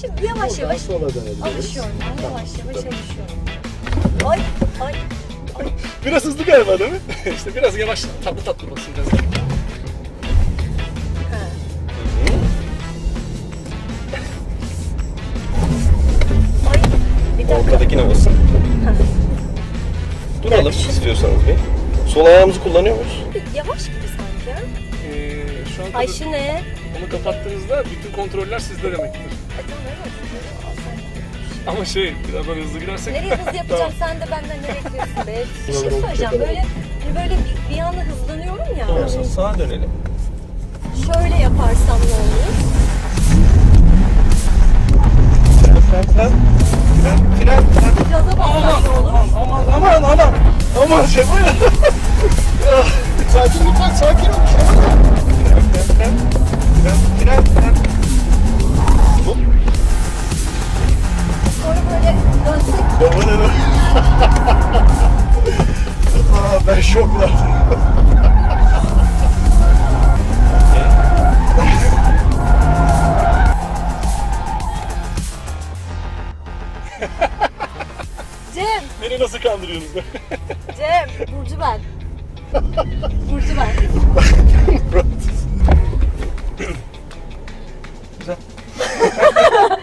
Şimdi yavaş yavaş alışıyorum ben. Yavaş yavaş alışıyorum. Ay ay. ay. biraz hızlı galiba değil mi? İşte biraz yavaş tatlı tatlı basacağız. Ortadaki ne basın? Duralım istiyorsanız bir. Sol ayağımızı kullanıyor muyuz? Yavaş gibi sanki Ee, şu an Ay şu ne? Onu kapattığınızda bütün kontroller sizde demektir. E, Ama şey biraz böyle hızlı girersek... Nereye hızlı yapacağım sen de benden nereye gidiyorsun be? Bir şey söyleyeceğim böyle hani böyle bir, bir anda hızlanıyorum ya. Olsun sağa dönelim. Şöyle yaparsam ne olur? Sen sen sen. Fren fren fren. Gaza basmak ne olur? Aman aman aman aman. Aman şey bu ya. sakin lütfen sakin ol. Babanın... Aa, ben şokla. Cem, Beni nasıl kandırıyorsunuz be? Cem, Burcu ben. Burcu ben. Güzel.